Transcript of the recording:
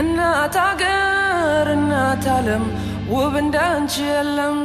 እናት አገር እናት ዓለም ውብ እንዳንቺ የለም።